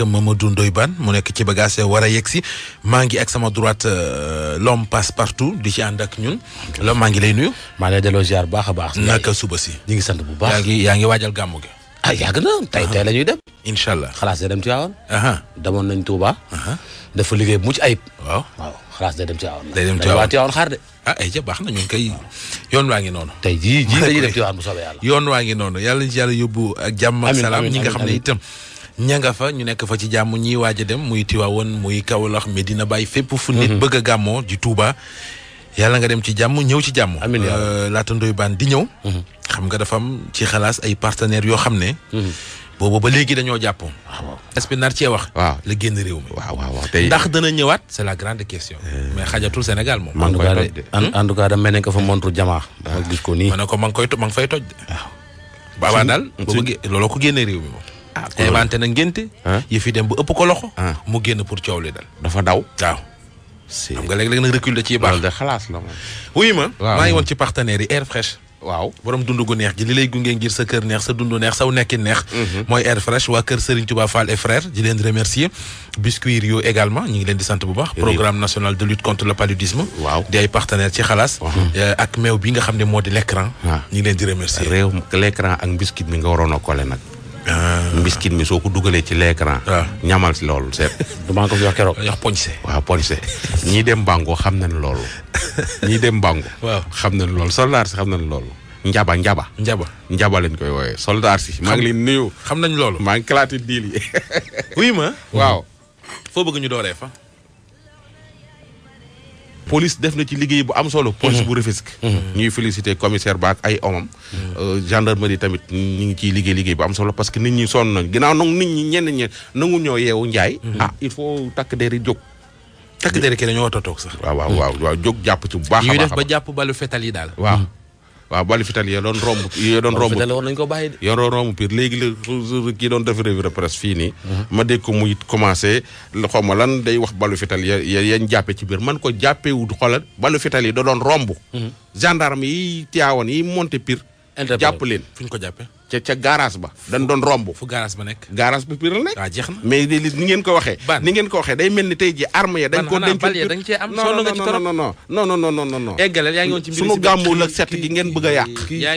ak Mamadou Ndoye Bane mu nekk ci bagage war a yegg si maa ngi ak sama droite euh, l'homme passe partout di ci ànd ak ñun. loolu maa ngi lay nuyu. maa ngi lay delloo ziar baax a baax. suba si. ñu ngi sant bu baax yaa ngi waajal gàmmu gi. ah yàgg na tey tey la ñuy dem. incha allah xalaas day dem Tiwaawan. demoon nañ Touba. dafa liggéey bu mucc ayib. waaw waaw xalaas day dem Tiwaawan. day dem Tiwaawan Tiwaawan xaar de. ah ay eh, ja baax na ñun kay yoon waa ngi noonu. tey jii jii dañuy dem Tiwaawan bu soobee yàlla. yoon waa ngi noonu yàlla ci yàlla yóbbu ak jàmm ak salaam ñi nga xam ne itam. ña nga fa ñu nekk fa ci jàmm ñiy waaj a dem muy Tiwaawoon muy Kawlax dina bàyyi fépp fu nit mhm. bëgg a gàmmoo di Touba. yàlla nga dem ci jàmm ñëw ci jàmm. amiin euh, laata ndoy baan di ñëw. Mhm. xam dafa am ci xalaas ay partenaires yoo xam ne. Mhm. boobu ba léegi dañoo jàppoon. Ah, waaw espinard cee wax. waaw la génn réew mi. waaw waaw tey ndax dana ñëwaat. c'est la grande question. Euh, mais xajatul Sénégal moom. maa ngi koy toj de hmm? tout cas da mel ne ko fa montre jamaa. Ah. ma gis ko nii ma ko ma ngi koy ma ngi fay toj de. waaw. baabaa daal. looloo ko génnee réew mi Ah, inventé na ngénte yi fi dem bu ëpp ko loxo mu génn pour coow li dal dafa daw waaw xam nga léeg-léeg nag recul da ciy baax loolu xalaas la moom ma maa ngi woon ci partenaires yi air dund gu neex ji li lay gunge ngir sa kër neex sa dund neex saw nekkin neex mhm. mooy air fraîche leen remercier biscuit Rio ñu ngi leen di sant bu baax programme national de lutte contre ci xalaas euh, ak meew bi nga xam ne moo di l'écran ah. ñu ngi leen di remercier réew ak biscuit mi nga waroon a kole nag Euh, mbiskit mi soo ko dugalee ci l'écran ñamal si loolu seet du maa ko fi wax keroog wax poñse waaw poñse ñii dem bàngo xam nañ loolu ñii dem bàngo waaw xam nañ loolu soldaar si xam nañ loolu njaba njaba njaba njaba lañ koy wooyee soldaar si maa ngi leen nuyu xam nañ loolu maa ngi kalaati diil yi ma waaw foo bëgg ñu dooree fa police def na ci liggéey bu am solo. police bu mhm. Rufisque. Mhm. ñuy féliciter commissaire ba ak ay omam. Mhm. Euh, gendarmerie tamit ñu ngi ciy liggéey liggéey bu am solo parce que nit ñi sonn nañ ginnaaw nag nit ñi ñenn ñi nangu ñoo yeewu njaay. ah il faut takk der yi jóg. takk der yi dañoo war a toog sax. waaw waaw waaw jóg jàpp ci bu baax a baax. ñuy jàpp balu fetal yi daal. waaw. waaw Bali Fital yo doon romb yo doon romb war ko bàyyi yo doon romb pire léegi la kii doon def revue de presse fii nii ma dégg ko muy commencé xaw ma lan day wax Bali Fital ya yañ jàppe ci biir man ko jàppewut xoolal Bali Fital yi da doon romb mhm. gendarme yi tiyaawoon yi monté pire jàpp leen fu ñu ko jàppe ca ca garage ba. dañ doon romb. fu garage ba nekk. garage ba Pire nekk. waaw ah, jeex na ni ngeen ko waxee. ni ngeen ko waxee day mel ni tey jii arme ya. dañ ko dañ ci mbiri sunu gàmmu la a a yàq. yaa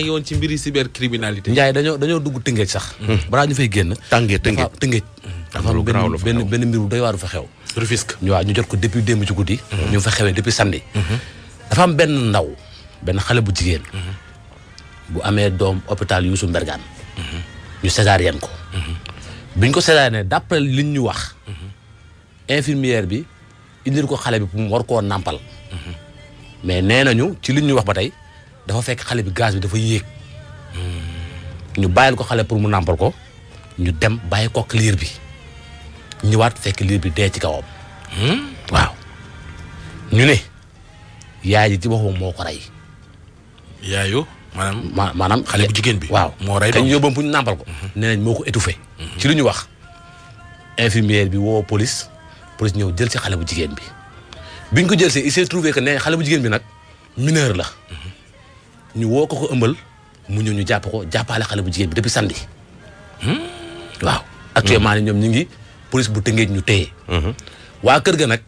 ngi woon ci mbiri cybercriminalité. Ndiaye dañoo dañoo dugg tëngéej sax. Hmm. balaa ñu fay génn. tàngee tëngéej tëngéej. dafa lu garaaw la fa xew benn ko depuis démb ci guddi. Hmm. ñu hmm. benn ndaw benn xale bu jigéen. bu amee doom hôpital Youssou Mbergane. ñu césarienne ko. biñ ko césarienne d'après liñ ñu wax. infirmière bi indil ko xale bi pour mu war koo nàmpal. mais nee nañu ci li ñu wax ba tey dafa fekk xale bi gaz bi dafa yéeg. ñu bàyyil ko xale pour mu nàmpal ko ñu dem bàyyi ko ak liir bi ñëwaat fekk liir bi dee ci kawam. waaw ñu ne yaay ji ci boppam moo ko rey. yaayu maanaam maanaam xale bu jigéen bi waaw moo rey kañ yóbbu bu ñu nàmpal ko mhm. nee nañ moo ko étouffé mhm. ci lu ñu wax infirmière bi woo police police ñëw jël si xale bu jigéen bi biñ ko jël si il s'est xale bu jigéen bi nag mineur la mhm. ñu ko ko ëmbal mu ñëw ñu jàpp ko jàppaale xale bu jigéen bi depuis samedi hmm. waaw actuellement hmm. ni ñoom ñu ngi police bu tëngeej ñu téye waa kër ga nag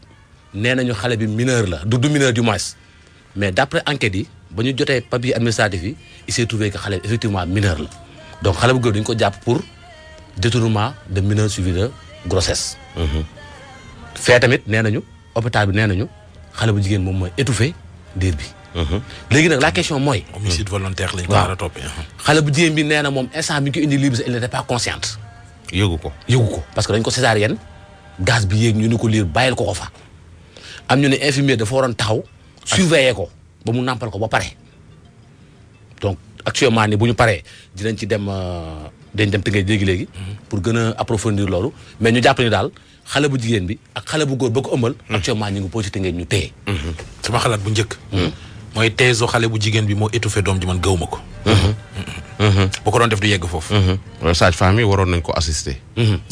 nee nañu xale bi mineur la du du mineur du moins mais d'après enquête yi ba ñu jotee papier administratif yi il s'est trouvé que xale bi effectivement mineur la donc xale bu góor dañu ko jàpp pour détournement de mineur suivi de grossesse. Mhm. fee tamit nee nañu hôpital bi nee nañu xale bu jigéen moom mooy étouffé diir bi. Mhm. léegi nag la question mooy. homicide volontaire lañ ko war a xale bu jigéen bi nee na moom instant bi ñu ko indi libre elle n'était pas consciente. yëgu ko yëgu ko parce que dañ ko césarienne gaz bi yéeg ñu ni ko liir bàyyil ko ko fa am ñu ne infirmier dafa waroon taxaw. surveiller ko. ba mu nàmpal ko ba pare donc actuellement ni bu ñu paree dinañ ci dem euh, dañ dem tënkee léegi léegi. Mhm. pour gën a approfondir loolu mais ñu jàpp ni daal xale bu jigéen bi ak xale bu góor ba ko ëmbal. Mhm. actuellement ñu ngi posé tënkee ñu téye. Mhm. sama xalaat bu njëkk. mooy teesu xale bu jigéen bi moo étouffé doom ji man gëw ma ko. Mhm. Mm-hmm. Mhm. bu ko doon def du yegg foofu. Mhm. sage-femme waroon nañ ko assister.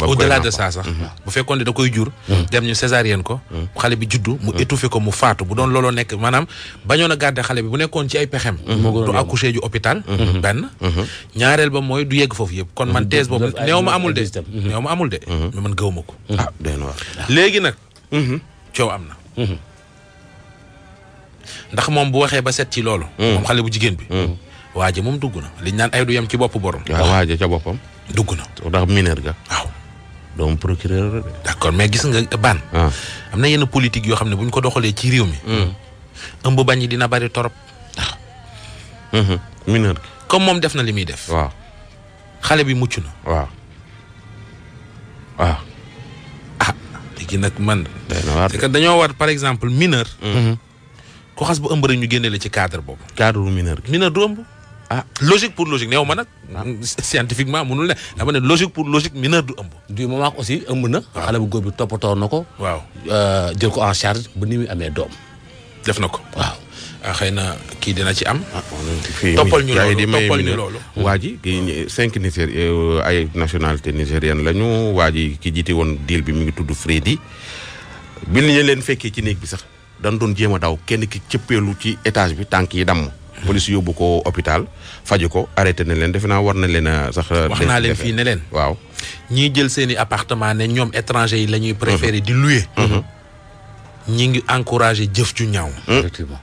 au delà de ça sax. bu fekkoon ne da koy jur. dem ñu césarienne ko. xale bi juddu mu étouffé ko mu faatu bu doon looloo nekk maanaam bañoon a gàdde xale bi bu nekkoon ci ay pexem. du accouché ju hôpital. benn ñaareel ba mooy du yegg foofu yëpp kon man tees boobu néew ma amul de. néew ma amul de. mais man gëw ma ko. ah léegi nag. coow am na. ndax moom bu waxee ba set ci loolu. Hmm. moom xale bu jigéen bi. Hmm. waaja moom dugg na liñ naan ay du yem ci bopp borom. waaw waaja ca boppam. dugg na ndax mineur ga. waaw doomu procureur la de. d'accord mais gis nga ban. Ah. am na yenn politique yoo xam ne bu ñu ko doxalee ci réew mi. Hmm. ëmb bañ yi dina bari torop. waaw. Ah. mineur comme moom def na li muy def. waaw xale bi mucc na. waaw waaw. ah léegi nag man. dañoo war par exemple mineur. ku xas bu ëmb rek ñu génne la ci cadre boobu. cadre mineur mineur du ëmb. ah logique pour logique néew ma nag. Ah. scientifiquement mënul ne dama ne logique pour logique mineur du ëmb. du moment aussi ëmb na. xale bu bi toppatoo na ko. waaw euh, jël ko en charge ba ni muy amee doom. def na ko waaw. Ah, xëy na kii dina ci am. Ah, toppal ñu loolu toppal hmm. ñu waa ji kii cinq Niger euh, ay nationalité nigérienne lañu waa ji ki jiite woon deal bi mu ngi tudd Freddy bi ñu leen fekkee ci néeg bi sax. dañ doon jéem a daw kenn ki cëppeelu ci étage bi tànk yi damm. police yóbbu ko hôpital faju ko arrêté na leen defe naa war na leen a sax. wax naa leen fii ne leen. waaw ñiy jël seen i appartement ne ñoom étranger yi la ñuy préféré mhm. di louer. Mhm. ñi ngi encouragé jëf ju ñaaw. Mhm. effectivement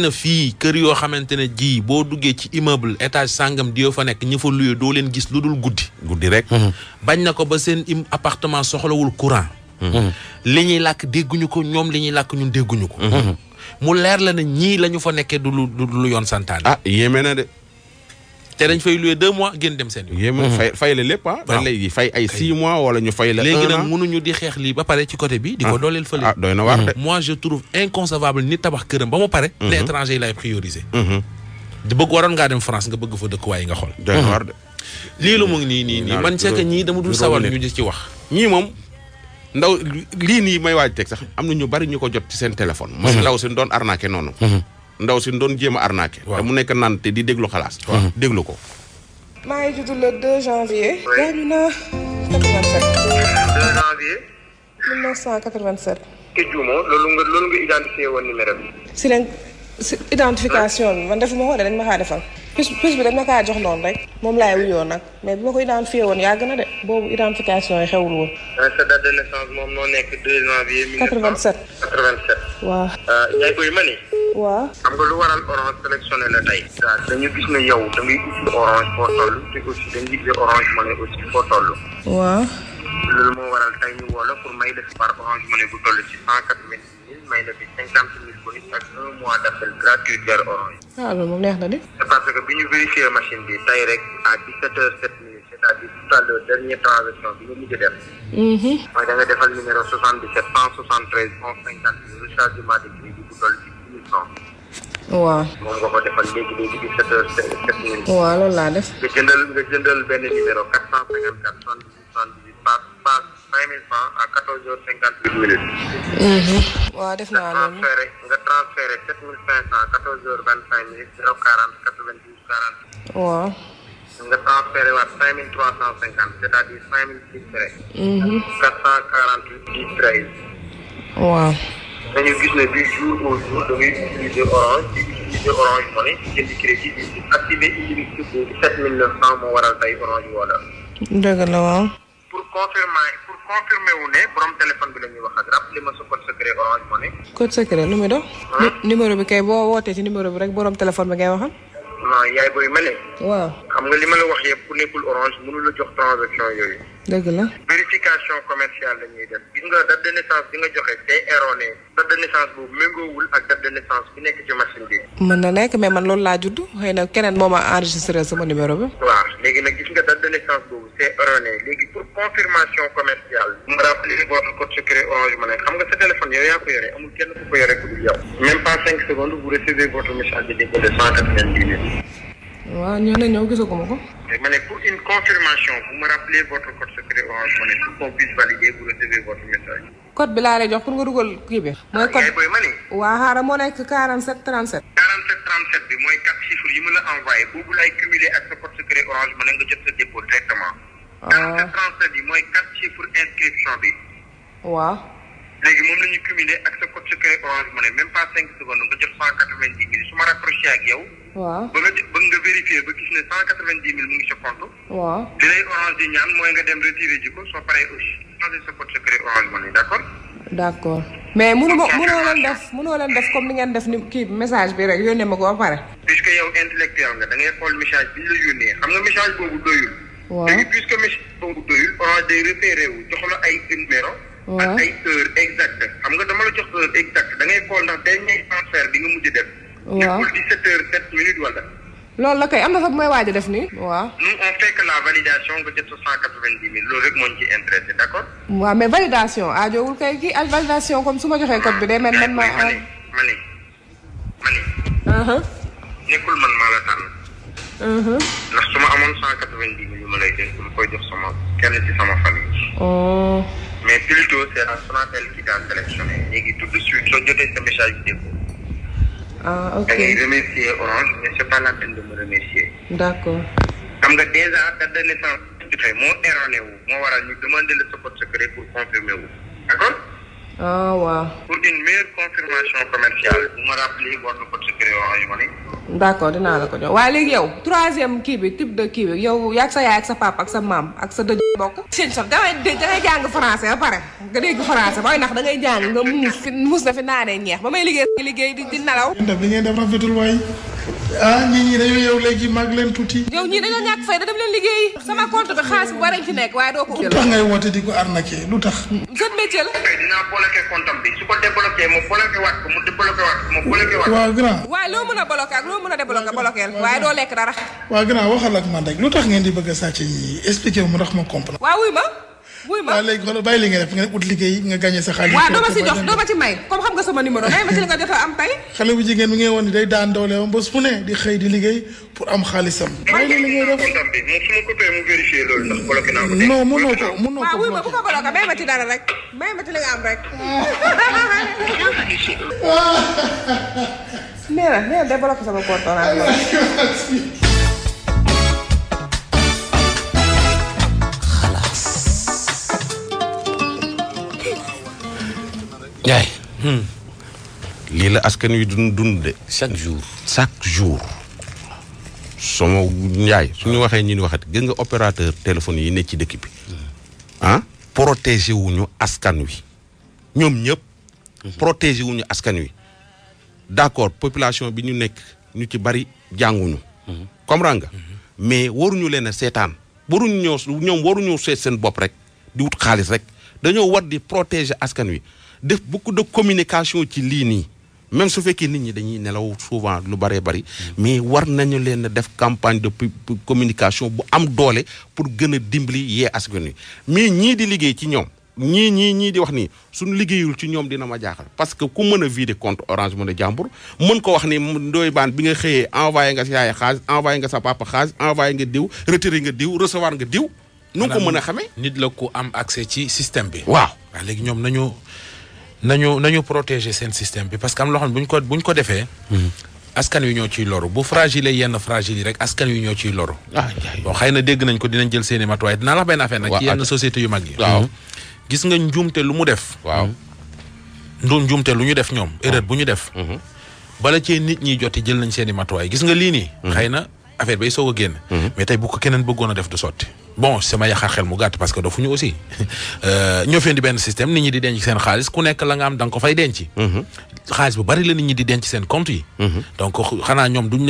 na fii kër yoo xamante ne jii boo duggee ci immeuble étage sangam di yoo fa nekk ñi fa loué doo leen gis lu dul guddi. guddi rek. bañ na ko ba seen appartement soxlawul courant. Mhm. li ñuy làkk dégguñu ko ñoom li ñuy làkk ñun dégguñu ko. Mhm. mu leer la ne ñii la ñu fa nekkee du lu du lu yoon santaane. ah yéeme na de. te dañ fay loué deux mois gën dem seen yoon. Mhm. fay fay la lépp ah. dañ lay fay ay six mois wala ñu fay la. léegi nag mënuñu di xeex lii ba pare ci côté bi. di ko ah. dooleel fële. ah doy na waar de. moi je trouve inconcevable ni tabax këram ba mu pare. ne étranger yi lay prioriser. di bëgg waroon ngaa dem France nga bëgg fa dëkkuwaay nga xool. doy na waar de. lii lu mu ngi nii nii nii man c'est que ñii dama dul sawal ñu di ci wax ñii moom ndaw lii nii may waaj teg sax am na ñu bari ñu ko jot ci seen téléphone. mooy mhm. ndaw si doon arnaqué noonu. Mhm. ndaw si doon jéem a arnaqué. te mu nekk naan te di déglu xalaas. déglu ko. maa ngi judd le 2 janvier. gaañu naa loolu nga loolu nga identifié si leen si identification bi man de dañ ma kaa defal. piste piste bi dañ ma kaa jox noonu rek moom laay wuyoo nag mais bi ma ko identifié woon yàgg na de boobu identification yi xewul woon. Euh, sa date de naissance moom moo nekk 2 janvier. 1987 87. waaw. Euh, Ndiaye Boye ma ni. waaw. xam lu waral orange sélectionné la tey. waaw dañu gis ne yow da ngay utiliser orange foo toll te aussi dañu utiliser orange money aussi foo lu waaw. loolu moo waral tey ñu woo la pour may def par orange money bu toll ci 180. may na fi cinquante mille bonus ak un mois d' appel gratuit vers Orange. waaw ah, loolu moom neex parce que bi ñu vérifié machine bi tey rek à dix sept heures sept minutes bi nga mujj def. Mhm. mooy nga defal numéro soixante dix sept cent soixante treize onze cinquante rechargement de crédit bu toll ci mille cent. waaw. moom nga ko defal léegi léegi dix sept heures benn numéro quatre cent cinquante cinq mille francs à quatorze heures cinquante huit minutes. waaw def naa loolu nga transféré nga transféré sept mille cinq cent quatorze heures vingt cinq minutes zéro quarante quatre vingt douze quarante. waaw. nga transféré waat cinq mille trois cent cinquante c' à dire cinq mille six frais. Mm-hmm. quatre cent quarante huit dix treize. waaw. dañu jour au jour dangay orange di utiliser orange money di jënd crédit di activé utilise surtout la waaw. pour confirmer pour confirmer wu ne borom téléphone bi la ñuy wax ak ma sa code secret orange moo ne. code secret nu muy doon. numéro bi kay boo wootee ci numéro bi rek borom téléphone bi ngay waxal. non yaay booy mel waaw xam nga li ma la wax yëpp ku nekkul orange mënu la jox transaction yooyu. dëgg la. vérification commerciale la ñuy gis nga date de bi nga joxe day erroné date de naissance boobu méngoowul ak date de naissance bi nekk ci machine na nekk mais man loolu laa na reconnaissance boobu c'est erroné léegi pour confirmation commerciale mu rappelé votre code secret Orange Money xam nga sa téléphone yow yaa ko a amul kenn ku ko yore ku dul yow même pas cinq secondes vous recevez votre message de dépôt de cent quatre-vingt-dix mille waaw ñoo ne ñëw gisaguma ko ma ne pour une confirmation vous me rappelez votre code secret Orange Money pour qu'on puisse valider vous recevez votre message code bi laa lay jox pour nga dugal kii bi. mooy code moo nekk 47 37. 47 bi mooy quatre chiffres yi ma la envoyé boobu laay cumulé ak sa code secret orange ma nga jot sa ah. quatre chiffres inscription bi. su ma raccroché ak yow. waaw ba nga ba nga vérifié ba gis ne 190 000 mu ngi sa compte. waaw li orange di ñaan mooy nga dem retiré ji soo paree aussi. changer sa code secret Orange Money d'accord. d'accord mais mënuma mënoo leen def mënoo leen def comme bu ngeen def ni kii message bi rek yónnee ma ko ba pare. puisque yow intellectuel nga da ngay xool message bi ñu la yónnee xam nga message boobu doyul. waaw léegi puisque message boobu doyul Orange day repéré wu jox la ay numéro. waaw ak ay heure exacte xam nga dama la jox heure exacte da ngay xool ndax dernier transfert bi nga mujj def. waaw nekkul 17 heures 7 wala. loolu la kay am na fa bu may waaj a def nii waaw. nous on fait que la validation nga jot cent quatre-vingt-dix mille loolu rek moo ñu ci intéressé d' accord. waaw mais validation ajoowul ah, kay kii ak validation comme su ma joxee code bi day mel man maa. mani mani mani. Uh-huh. nekkul man maa la tànn. Uh-huh. ndax su ma amoon cent quatre-vingt-dix mille yu ma lay dénk ma koy jox sama kenn ci sama famille. Oh. mais plutôt c' est la Sonatel qui t'a sélectionné léegi tout de suite soo jotee sa bi déglu. ah ok da ngay remercier Orange mais c'est pas la peine de me remercier. d'accord. xam nga déjà date de naissance bi fay moo erroné wu moo waral ñu demander le code secret pour confirmer wu d'accord. ah waaw. pour une meilleure confirmation commerciale bu ma rappelé war na code secret Orange Money. d'accord dinaa la ko jox waaye sa yaay ak sa papa ak sa maam ak sa dëj bokk. seen sox dangay dangay jàng français ba pare nga dégg français li ngeen def rafetul waay ah ñii ñii dañoo yow léegi mag da dem di ko arnaqué lu tax. loo mën a bloqué loo loo mën a débloqué bloqueel waaye doo lekk dara. waaw gannaaw waxal ak man rek lu tax ngeen di bëgg a sàcc yi expliqué ma ndax ma comprendre. waaw wuy ma. wuy ma waaw léegi xoolal bàyyi li nga def nga ut liggéey nga gagné sa xaalis. waaw doo ma jox doo ci may comme xam nga sama numéro may ma ci la nga jot a am tey. xale bu jigéen bi ngeen won ni day daan dooleem ba su ne di xëy di liggéey pour am xaalisam. bàyyi li ngay def non mënoo ko mënoo ko. waaw wuy ma bu ko bloqué may ma ci dara rek may ma ci la nga am rek. nee na nee Ndiaye. Hmm. lii la askan wi du dun dund de. chaque jour chaque jour. sama Ndiaye su ñu waxee ñu ni waxati gën nga opérateur téléphone yi ne ci dëkk bi. Hmm. ah protéger wuñu askan wi. ñoom ñëpp. Hmm. protéger wuñu askan wi. d'accord population bi ñu nekk ñu ci bari jànguñu. comprendre nga. mais waruñu leen a seetaan. waruñu ñoo ñoom waruñoo seet seen bopp rek di wut xaalis rek dañoo war di protéger askan wi. def beaucoup de communication ci lii nii même su fekkee nit ñi dañuy nelaw souvent lu baree bari mais war nañu leen def campagne de communication bu am doole pour gën a dimbali yee askan wi mais ñii di liggéey ci ñoom ñii ñii ñii di wax nii suñu liggéeyul ci ñoom dina ma jaaxal parce que ku mën a vider compte orange mën a jàmbur mën ko wax ni ndooy baan bi nga xëyee envoyé nga sa yaay xaalis envoyé nga sa papa xaalis envoyé nga diw retiré nga diw recevoir nga diw nu ko mën a xamee nit la ku am accès ci système bi waaw léegi ñoom nañu nañu nañu protéger seen système bi parce que am loo bu ñu ko bu ko defee. askan wi ñoo ciy loru bu fragile yenn fragile yi rek askan wi ñoo ciy loru. Ah, bon xëy na dégg nañ ko dinañ jël seen i matuwaay dinaa la benn affaire nag. ci yenn société yu mag yi. waaw gis nga njuumte lu mu def. waaw ndu njuumte lu ñu def ñoom. erreur bu ñu def. Mm-hmm. bala cee nit ñi joti jël nañ seen i matuwaay gis nga lii nii. Mm-hmm. xëy na affaire bay soog a génn. Mm-hmm. mais tey bu ko keneen bëggoon a def du sotti. bon sama yaxaar xel mu gàtt parce que dofuñu aussi euh, ñoo fi indi benn système nit ñi di denc seen xaalis ku nekk la nga am da ko fay denc. Mhm. xaalis bu bari la nit ñi di denc seen compte yi. Mhm. donc xanaa ñoom duñ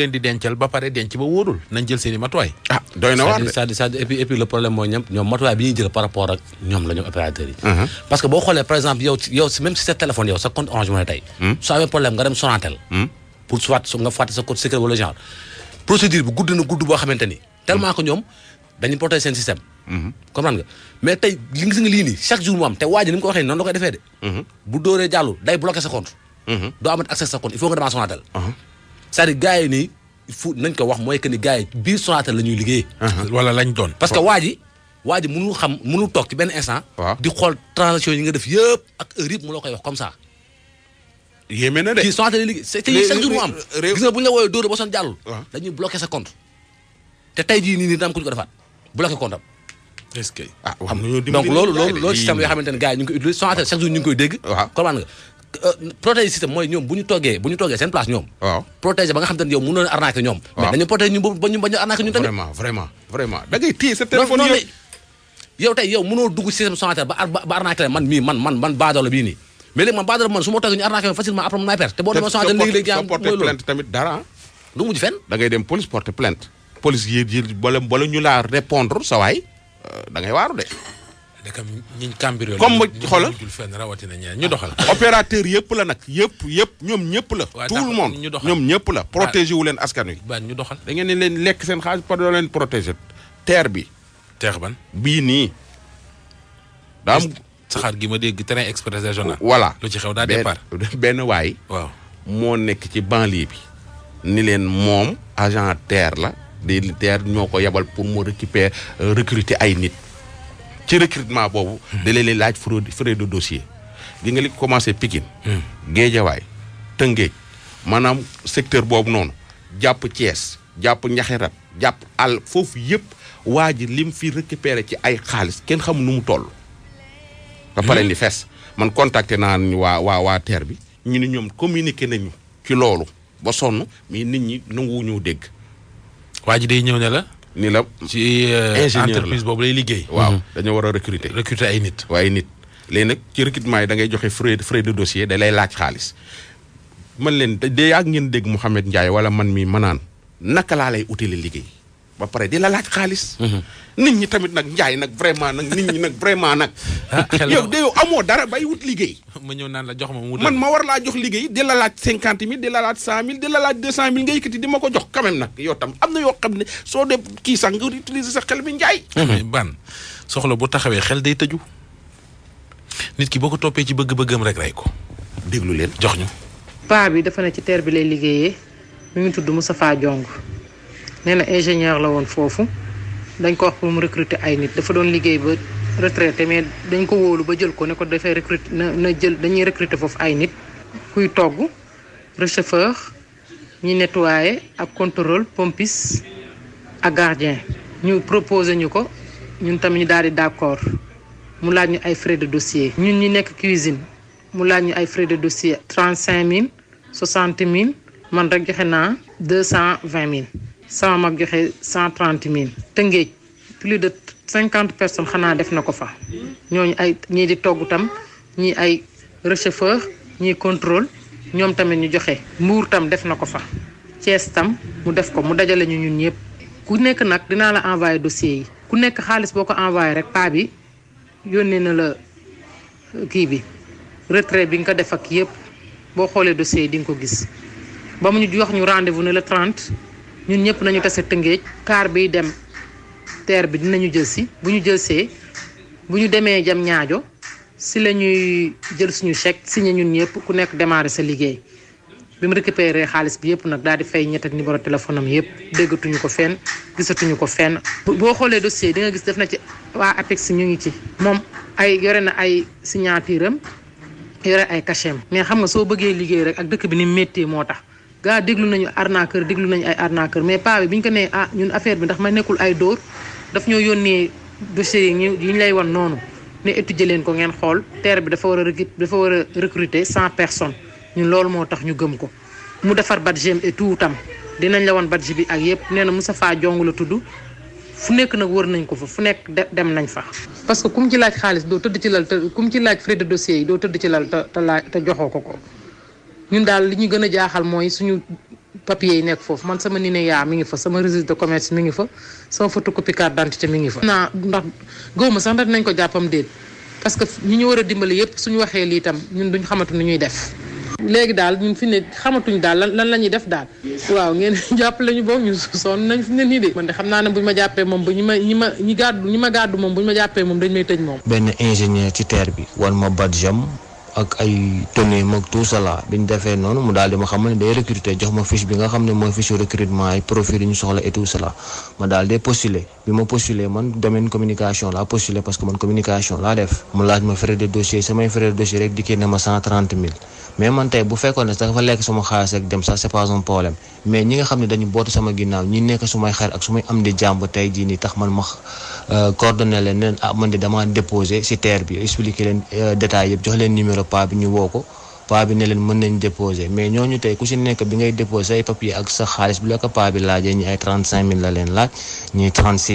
leen di dencal ba pare denc ba wóorul nañ jël seen i ah doy na waar bi ñuy jël par rapport ak ñoom la ñoom yi. Mhm. parce que boo xoolee par exemple yow yow si sa téléphone yow sa compte Orange Money tey. soo amee problème nga dem Sonatel. procédure bi gudd na gudd boo xamante ni. tellement que ñoom dañu protéger seen système. Mhm. comprendre nga mais tey li nga nga lii nii chaque jour mu te waa ni mu ko waxee mhm. mhm. wax mooy ni gars yi biir Sonatel la ñuy liggéey. wala lañ doon. parce que waa ji waa ji mënul xam mënul toog ci benn instant. di xool transaction yi nga def yëpp ak heure yëpp mu la koy wax comme ça. yéeme na de kii Sonatel liggéey c' était chaque jour mu am. gis nga bu ñu la wooyee Dóor ba son ah. te tey jii nii nii dina am ku ñu ko defaat compte am. est ce que ah, ah xam nga ne gars yi ñu ngi ah. koy utilisé euh, ñu bu ñu toogee bu ñu toogee sent place ñoom. ba nga xamante ne yow mënoon arnaqué ñoom. waaw mais dañu protéger ñu ba ñu ba ñu arnaqué ñu tamit. yow tey yow mënoo dugg ba ba arnaqué man mii man man man baadoolo bii nii mais léegi man baa dara man su ma toogee ñu arnaqué ma facilement après mën naa perte te boo demee soxna léegi léegi yaa porté plainte tamit dara du mujj fenn da ngay dem police porté plainte police yi yi bala bala ñu laa répondre sa waay euh, da ngay waaru de comme xoolal ñu doxal opérateur yëpp la nag yëpp yëpp ñoom ñëpp la tout le monde ñoom ñëpp la protégé wu leen askan wi ñu doxal da ngeen ne leen lekk seen xaalis par doo leen protégé terre bi terre ban bii nii daam saxaar gi ma dégg train express régional. voilà lu ci xew daa départ. benn waay. waaw moo nekk ci banlieue bi. ni leen moom agent TER la di TER ñoo ko yebal pour mu récupérer euh, recurité ay nit. ci recrutement boobu. Hmm. da leen laaj fraude frais de dossier. gi nga li commencé Pikine. Hmm. Géejawaay Tëngéej maanaam secteur boobu noonu jàpp Thiès jàpp Ñaxirab jàpp àll foofu yëpp waa ji lim fi récupéré ci ay xaalis kenn xamul nu mu toll. ba pare hmm? di fes man contacté naa waa waa waa TER bi ñu ni ñoom communiqué nañu ci loolu ba sonn mii nit ñi nanguwuñu dégg. waa ji day ñëw ne la. ni la ci euh, entreprise boobu lay liggéey. waaw hmm. dañoo war a recruter. recruter ay nit. waaye nit léegi nag ci recrutement yi da ngay joxe frais frais de dossier da lay laaj xaalis man leen de ak ngeen dégg Mouhamed Ndiaye wala man mii manaan naka laa lay utile liggéey. ba pare di la laaj xaalis. Mhm. nit ñi tamit nag njaay nag vraiment nag nit ñi nag vraiment nag. Ah, yow de yow amoo dara bay wut liggéey. ma ñëw naan la jox ma mu man ma war laa jox liggéey di la laaj cinquante mille di la laaj cent mille di la laaj deux cent ma ko jox quand nag yow tam am na yoo xam ne soo def kii sax nga utiliser sa xel bi njaay. Mhm. ban soxla bu taxawee xel day tëju. nit ki boo ko toppee ci bëgg-bëggam rek rey ko. déglu leen jox ñu. paa bi dafa ne ci teer bi lay liggéeyee mu ngi tudd Moustapha Diong nee na ingénieur la woon foofu dañ ko wax pour mu recruter ay nit dafa doon liggéey ba retraité mais dañ ko wóolu ba jël ko ne ko dafay recruter na na jël dañuy recruter foofu ay nit kuy togg rechauffeur ñi nettoyer ak contrôle pompiste ak gardien ñu proposé ñu ko ñun tamit ñi daal di d'accord mu laaj ñu ay frais de dossier ñun ñu nekk cuisine mu laaj ñu ay frais de dossier trente cinq mille soixante mille man rek joxe naa deux cent vingt mille sama mag joxe cent trente mille Tëngéej plus de cinquante personnes xanaa def na ko fa ñoo ñu ay ñii di togg tam ñii ay receveur ñii contrôle ñoom tamit ñu joxe Mbuur tam def na ko fa cees tam mu def ko mu dajale ñu ñun ñëpp ku nekk nag dinaa la envoyé dossier yi ku nekk xaalis boo ko envoyé rek paa bi yónnee na la euh, kii bi retrait bi nga ko def ak yëpp boo xoolee dossier yi di nga ko gis ba mu ñu wax ñu rendez-vous ne le 30 ñun ñëpp nañu tase tëngéej kaar biy dem teer bi dinañu jël si bu ñu jël see bu ñu demee jam ñaajo si la ñuy jël suñu chèque signé ñun ñëpp ku nekk démarré sa liggéey bi mu récupéré xaalis bi yëpp nag daal di fay ñett ak numéro téléphone am yëpp déggatuñu ko fenn gisatuñu ko fenn. boo xoolee dossier di nga gis def na ci waa si ñu ngi ci. moom ay yore na ay signature am yore ay cachet am xam nga soo bëggee liggéey rek ak dëkk bi ni métti moo tax. gaa déglu nañu arna arnaqueur déglu nañu ay arnaqueur mais paa bi bi ñu ko nee ah ñun affaire bi ndax ma nekkul ay dóor daf ñoo yónnee dossiers yi ñu yi lay wan noonu ne étudier leen ko ngeen xool terre bi dafa war a dafa war a recruter ñun loolu moo tax ñu gëm ko. mu defar budget et tout tam dinañ la wan budget bi ak yëpp nee na Moustapha Diong la tudd fu nekk nag wër nañ ko fa fu nekk dem nañ fa. parce que ku mu ci laaj xaalis doo tëdd ci lal te ku ci laaj frais de dossier yi doo tëdd ci lal te te joxoo ko ko. ñun daal li ñu gën a jaaxal mooy suñu papier yi nekk foofu man sama nine yaa mi ngi fa sama registre de commerce mi ngi fa sama photocopie carte d'identité mi ngi fa. naa ndax góob ma sax ko jàppam déet parce que ñi ñu war a dimbali yépp suñu waxee lii ñun duñ xamatu nu ñuy def. léegi daal ñun fi ne xamatuñ daal lan lan la ñuy def daal. waaw ngeen jàppale ñu boobu ñun sonn nañ fi nii de. xam naa ne buñ ma jàppee moom ba ñi ma ñi ma ñi gàddu ñi ma gàddu moom buñ ma jàppee moom dañ may tëj moom. benn ingénieur ci terre bi wan ma badjam ak ay tonné mag tout cela bi ñu defee noonu mu daal di ma xamal ne day recruter jox ma fiche bi nga xam ne mooy fiche recrutement ay profil yi ñu soxla et tout cela ma daal di postuler bi ma postuler man domaine communication laa postuler parce que man communication laa def mu laaj ma frais de dossier samay frais de dossier rek dikkee na ma cent trente mille mais man tey bu fekkoon ne dafa lekk sama xaalis rek dem ça c'est pas un problème mais ñi nga xam ne dañu bootu sama ginnaaw ñi nekk su may xarit ak su may am di jàmb tey jii nii tax man ma euh, coordonné leen neen ah man de déposé si terre bi expliqué leen euh, détails yëpp jox leen numéro pa bi ñu woo ko paa bi ne leen mën nañ déposer mais ñooñu tey ku si nekk bi ngay déposer ay papier ak sa xaalis bi la ko paa bi laajee ñi ay 35000 la leen laaj ñii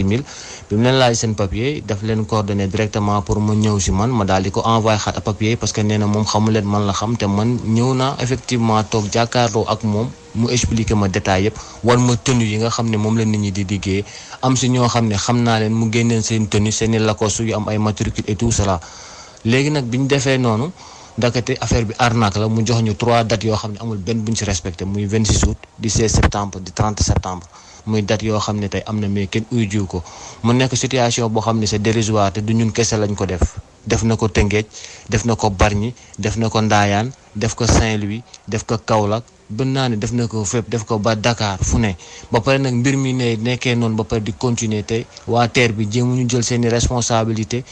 mille bi mu leen laaj seen papier daf leen coordonné directement pour mu ñëw si man ma daal di ko envoyé xat papier parce que nee na moom xamu leen man la xam te man ñëw naa effectivement toog jàkkaarloo ak moom. mu expliqué ma détail yëpp war ma tenue yi nga xam ne moom la nit ñi di liggéey am si ñoo xam ne xam naa leen mu génneen seen tenue seen i lacoste yu am ay matricule et tout léegi nag bi ñu defee noonu. ndakate affaire bi arnaque la mu jox ñu trois dates yoo xam ne amul benn buñ ci respecté muy 26 août di 16 di 30 septembre muy date yoo xam ne tey am na mais kenn uy jiw ko mu nekk situation boo xam ne c'est dérisoire te du ñun kese lañ ko def def na ko Tëngéej def na ko Bargny def na ko Ndaayaan def ko Saint-Louis def ko Kaolack bën naa ne def na ko fépp def ko ba dakaar fu ne ba pare nag mbir mi ne nekkee noonu ba pare di continuer te waa TER bi jéemuñu jël seeni responsabilité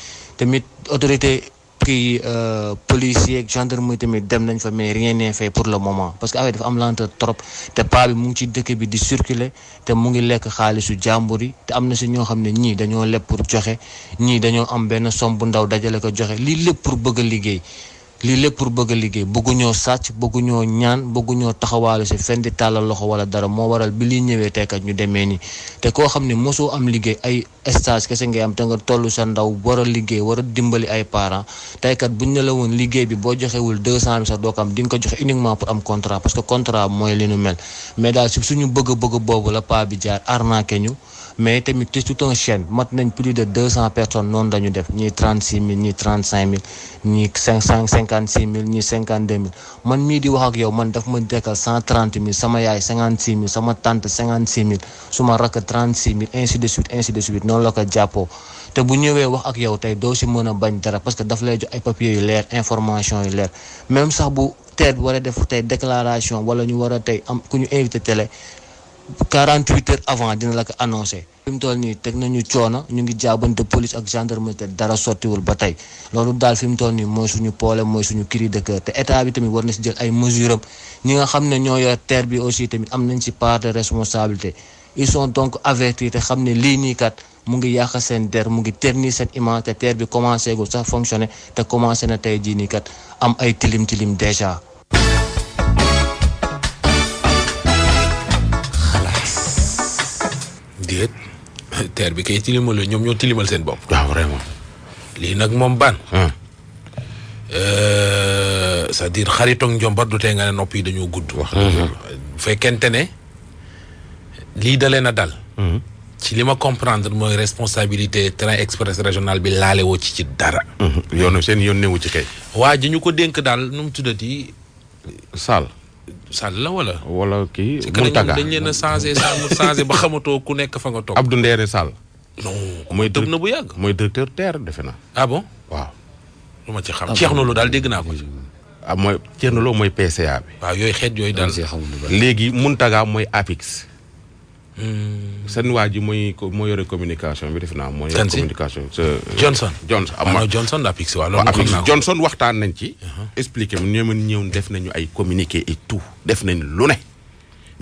puis euh, policier ak gendarmerie tamit dem nañ fa mais rien n'est fait pour le moment parce que affaire dafa am lenteur trop te paa bi mu ngi ci dëkk bi di circuler te mu ngi lekk xaalisu jàmbur yi te am na si ñoo xam ne ñii dañoo leb pour joxe ñii dañoo am benn somme bu ndaw dajale ko joxe lii lépp pour bëgg a liggéey. lii lépp pour bëgg liggéey bëggu bëgguñoo sàcc bëgguñoo ñaan bëgguñoo taxawaalu si fenn di tàllal loxo wala dara moo waral bi li ñëwee tekkat ñu demee nii te koo xam ne mosoo am liggéey ay stage kese ngay am te nga tollu sa ndaw war a liggéey wara dimbali ay parents teykat ñu ne la woon liggéey bi boo joxewul deux cent mille sax doo ko am di nga ko joxe uniquement pour am contrat parce contrat mooy li nu mel mais daal si suñu bëgg-bëgg boobu la pa bi jaar arnaqué ñu mais tamit te tout un chaîne mat nañ plus de deux cent personnes noonu dañu def ñii trente six mille ñii trente cinq mille ñii cinq cent cinquante six mille ñii cinquante deux mille man mii di wax ak yow man daf ma dekkal cent trente mille sama yaay cinquante six mille sama tante cinquante six mille suma rakk trente six mille ainsi de suite ainsi de suite noonu la ko jàppoo te bu ñëwee wax ak yow tey doo si mën a bañ dara parce que daf lay jox ay papiers leer information yu leer même sax bu teet war a def tey déclaration wala ñu war a tey am ku ñu invité télé 48 heures avant dina la ko annoncé. fi mu toll nii teg nañu coono ñu ngi jaabante police ak gendarmerie te dara sottiwul ba tey loolu daal fi mu toll nii mooy suñu problème mooy suñu cri de cœur te état bi tamit war na si jël ay mesures ñi nga xam ne ñoo yor terre bi aussi tamit am nañ si part de responsabilité ils sont donc avertis te xam ne lii nii kat. mu ngi yàq seen der mu ngi ternir seen image te terre bi commencé gu sax fonctionné te commencé na tey jii nii kat am ay tilim tilim déet terre bi kay tilimal la ñoom ñoo tilimal seen bopp. waaw ah, vraiment. lii nag moom baan. Euh, c'est-à-dire xaritoog du tee nga ne nopp yi dañoo gudd. wax bu fekkente ne lii dale na dal. Hmm. ci li ma comprendre mooy responsabilité train express régional bi laale woo ci ci dara. Hmm. yoonu seen yoon newu ci kay. waa ji ko dénk daal nu mu tuddati. Sall. Sall la walla wala kii Moutaga dañ leen a changé changé ba xamatoo ku nekk fa nga toog. Abdou Ndéné Sall. non mooy tëb na bu yàgg. mooy directeur terre defe na. ah bon waaw. lu ma ci xam ah Thierno Lo daal dégg naa ko ci. ah mooy Thierno loo mooy PCA bi. waaw yooyu xeet yooyu daal léegi Moutaga mooy APIX. Hmm. seen waa ji mooy moo yore communication bi def naa moo yore communication Johnson Johnson ah, am Johnson daa picc waaw Johnson waxtaan nañ ci uh-huh. expliqué mu mën ñëw def nañu ay communiqué et tout def nañ lu ne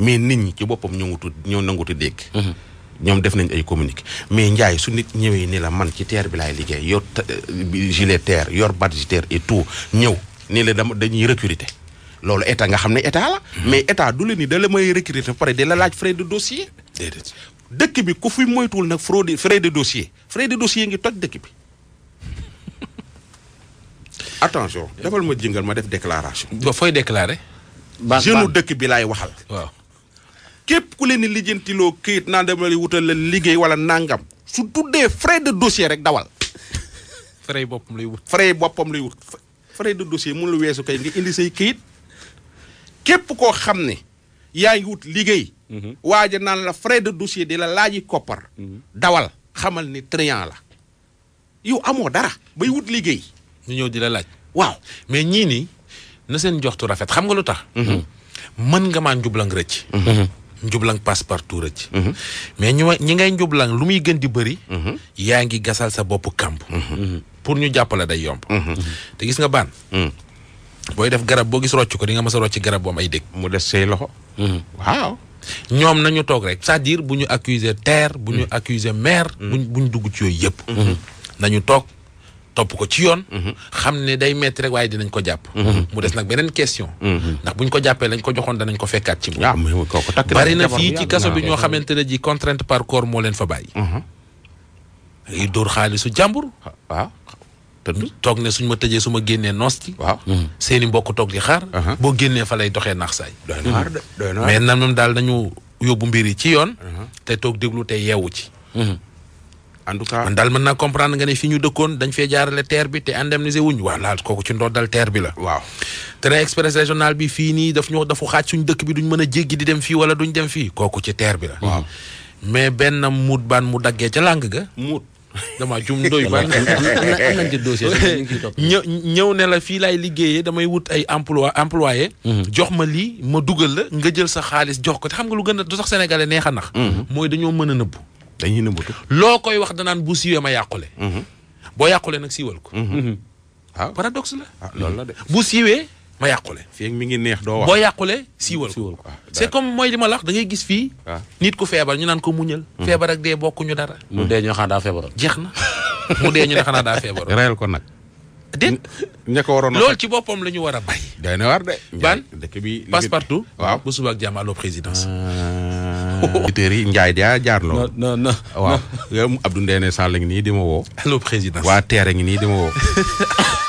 mais nit ñi ci boppam ñoo ngutu ñoo nangutu dégg uh-huh. ñoom def nañ ay communiqué mais Ndiaye su nit ñëwee ni la man ci terre bi laay liggéey yor gilet terre yor badge terre et tout ñëw nii la dama dañuy recruter loolu état nga xam ne état la. Mhm. mais état du la ni da la may recruter ba pare laaj frais de dossier. dëkk bi ku fi moytuwul nag fraude frais de dossier frais de dossier ngi toj dëkk bi. attention defal ma jëngal ma def déclaration. ba fooy déclarer. jeune dëkk bi laay waxal. waaw képp ku leen di lijjantiloo këyit naa dama lay wutal la liggéey wala nangam su tuddee frais de dossier rek dawal. frais boppam lay wut. frais boppam lay wut. frais de dossier mun lu weesu kay nga indi say këyit. képp koo xam ne yaa ngi wut liggéey. Mhm. waaja naan la frais de dossier di la laaji koppar. Mhm. dawal xamal ni triant la. yow amoo dara bay wut liggéey. ñu ñëw di la laaj. waaw mais ñii nii na seen joxtu rafet xam nga lu tax. Mhm. mën nga maa njublang rëcc. njublang passe-partout rëcc. mais ñu ñi ngay njublang lu muy gën di bëri. yaa ngi gasal sa bopp kamb. pour ñu jàppale day yomb. te gis nga baan. booy def garab boo gis rocc ko di nga mës a rocc garab bu am ay dégg. mu des say loxo. Mm-hmm. ñoom nañu toog rek cest diir bu ñu accuser terre bu ñu mm-hmm. accuser mer. Mm-hmm. buñ buñ dugg ci yooyu yëpp. nañu toog topp ko ci yoon. xam ne day metti rek waaye dinañ ko jàpp. mu des nag beneen question. ndax buñ ko jàppee lañ ko joxoon danañ ko fekkaat ci moom. Ah, bari na fii ci kaso bi ñoo xamante ne ji contrainte par corps moo leen fa bàyyi. dóor xaalisu jàmbur ah. toog ne suñ ma tëjee su ma génnee noos ci waaw hmm. seen mbokk toog di xaar uh-huh. boo génnee fa lay doxee naax saay mais nan moom daal nañu yóbbu mbir yi ci yoon uh-huh. te toog déglu te yeewu ci hmm. en tout cas man daal mën naa comprendre nga ne fi ñu dëkkoon dañ fee jaarale teer bi te indemniser wuñ waaw laal kooku ci ndoddal terre bi la waaw train express bi fii nii daf ñu dafa xaaj suñ dëkk bi duñ mën a jéggi di dem fii wala duñ dem fii kooku ci teer bi la mais benn muut baan mu daggee ca làng ga damaa jum doy ba am nañ ci dossier ñëw ñëw ne la fii laay liggéeye damay wut ay emploi employé mhm. jox ma lii ma dugal la nga jël sa xaalis jox ko te xam nga lu gën a du sax sénégalais neex a nax mhm. mooy dañoo mën a nëbbu dañuy nëbbatu loo koy wax danaan bu siiwee ma yàqule mhm. boo yàqule nag siiwal ko waaw ah. la ah, bu siiwee ma yàqule fii mi ngi neex doo wax boo yàqule siiwal ko ah, c'est comme mooy li ma lax da ngay gis fii ah. nit ku feebar ñu naan ko muñal hmm. feebar ak dee bokkuñu dara hmm. mu dee ñoo xam daa feebaroon jeex na mu dee ñu ne xanaa daa feebaroon reyal ko nag dén ña ko waroon loolu ci boppam la war a bay day na war de ban dëkk bi passe partout waaw bu suba ak jàmm allo présidence ah. auditeurs yi Ndiaye daa jaar lool non non waaw Abdou Ndéné Sall ngi nii di ma woo allo présidence waa teere ngi nii di ma woo